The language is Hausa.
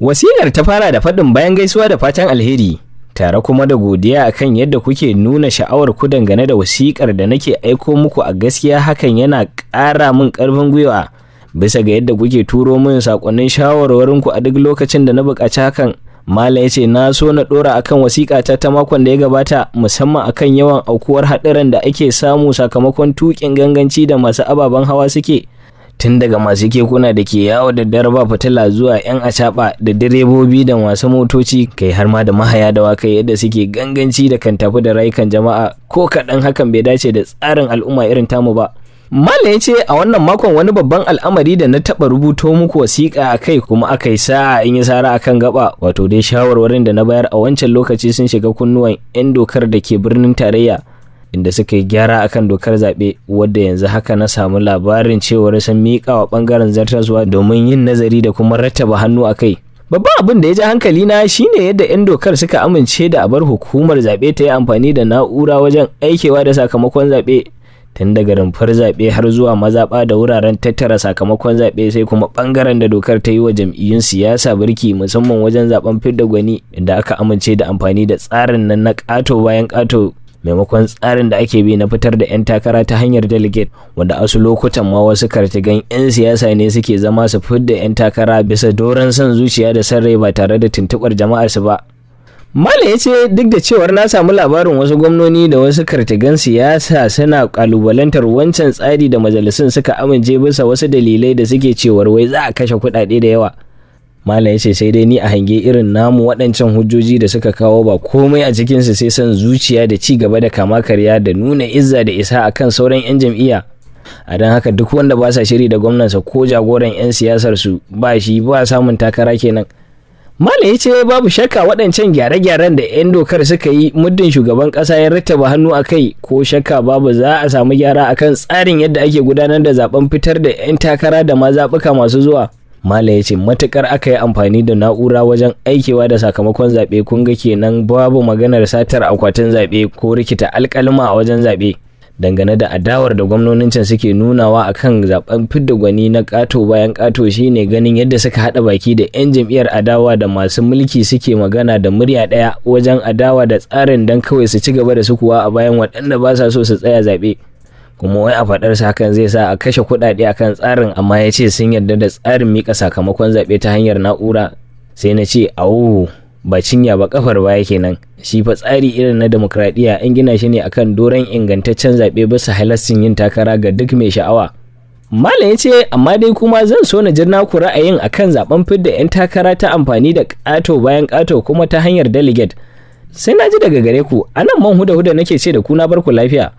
Wasiƙar ta fara da faɗin bayan gaisuwa da fatan alheri, tare kuma da godiya akan yadda kuke nuna sha'awar ku dangane da wasiƙar da nake aiko muku a gaskiya hakan yana ƙara min ƙarfin gwiwa bisa ga yadda kuke turo min saƙonnin shawarwarinku a duk lokacin da na buƙaci hakan. Malam ya ce na so na ɗora akan wasiƙata ta makon da ya gabata musamman akan yawan aukuwar haɗuran da ake samu sakamakon tuƙin ganganci da masu ababen hawa suke tun daga masu kekuna da ke yawo da dare ba fitila zuwa 'yan ashaɓa, da direbobi da masu motoci kai har ma da mahaya da waka yadda suke ganganci da kan tafi da rayukan jama'a ko kaɗan hakan bai dace da tsarin al'umma irin tamu ba Malam ya ce a wannan makon wani babban al'amari da na taɓa rubuto muku wasiƙa a kai kuma aka yi sa'a in yi sara akan gaba wato dai shawarwarin da na bayar a wancan lokaci sun shiga kunnuwan 'yan dokar da ke birnin tarayya inda suka yi gyara akan dokar zaɓe wadda yanzu haka na samu labarin cewar sun miƙa wa ɓangaren zartaswa domin yin nazari da kuma rattaba hannu a kai babban abin da ya ji hankali na shine yadda 'yan dokar suka amince da abar hukumar zaɓe ta yi amfani da na'ura wajen aikewa da sakamakon zaɓe tun daga rumfar zaɓe har zuwa mazaɓa da wuraren tattara sakamakon zaɓe sai kuma ɓangaren da dokar ta yi wa jam'iyyun siyasa birki musamman wajen zaɓen fidda gwani inda aka amince da amfani da tsarin nan na ƙato bayan ƙato maimakon tsarin da ake bi na fitar da 'yan takara ta hanyar delegate wanda asu lokutan ma wasu kartigan 'yan siyasa ne suke zama su da 'yan takara bisa doron son zuciya da son rai ba tare da tuntuɓar su ba Mala ya ce duk da cewar na samu labarin wasu gwamnoni da wasu kartigan siyasa suna kalubalantar wancan tsari da majalisun suka amince bisa wasu dalilai da suke cewar wai za a kashe kuɗaɗe da yawa. malam yace sai dai ni a hange irin namu waɗancan hujjoji da suka kawo ba komai a cikinsu sai son zuciya da ci gaba da kama karya da nuna izza da isa akan sauran 'yan jam'iyya a don haka duk wanda ba sa shiri da gwamnansa ko jagoran 'yan siyasar su ba shi ba samun takara kenan malam ya ce babu shakka waɗancan gyare-gyaren da 'yan dokar suka yi muddin shugaban ƙasa ya rattaba hannu a kai ko shakka babu za a samu gyara akan tsarin yadda ake gudanar da zaben fitar da 'yan takara da ma masu zuwa malam ya ce matukar aka yi amfani da na'ura wajen aikewa da sakamakon zaɓe kun ga kenan babu maganar satar akwatin zaɓe ko rikita alkalma a wajen zaɓe dangane da adawar da gwamnonin can suke nunawa a kan zaben fidda gwani na ƙato bayan ƙato shi ne ganin yadda suka haɗa baki da 'yan jam'iyyar adawa da masu mulki suke magana da murya ɗaya wajen adawa da tsarin don kawai su ci gaba da sukuwa a bayan waɗanda ba sa so su tsaya zaɓe. kuma wai a faɗar hakan zai sa a kashe kuɗaɗe akan tsarin amma ya ce sun yarda da tsarin mika sakamakon zaɓe ta hanyar na'ura sai na ce awo ba cinya ba kafar baya kenan shi fa tsari irin na demokradiyya an gina shi ne akan doron ingantaccen zaɓe bisa halassin yin takara ga duk mai sha'awa Malam ya ce amma dai kuma zan so na ji ku ra'ayin akan zaben fidda 'yan takara ta amfani da ƙato bayan ƙato kuma ta hanyar delegate. Sai na ji daga gare ku, anan man huda huda nake ce da ku na barku lafiya.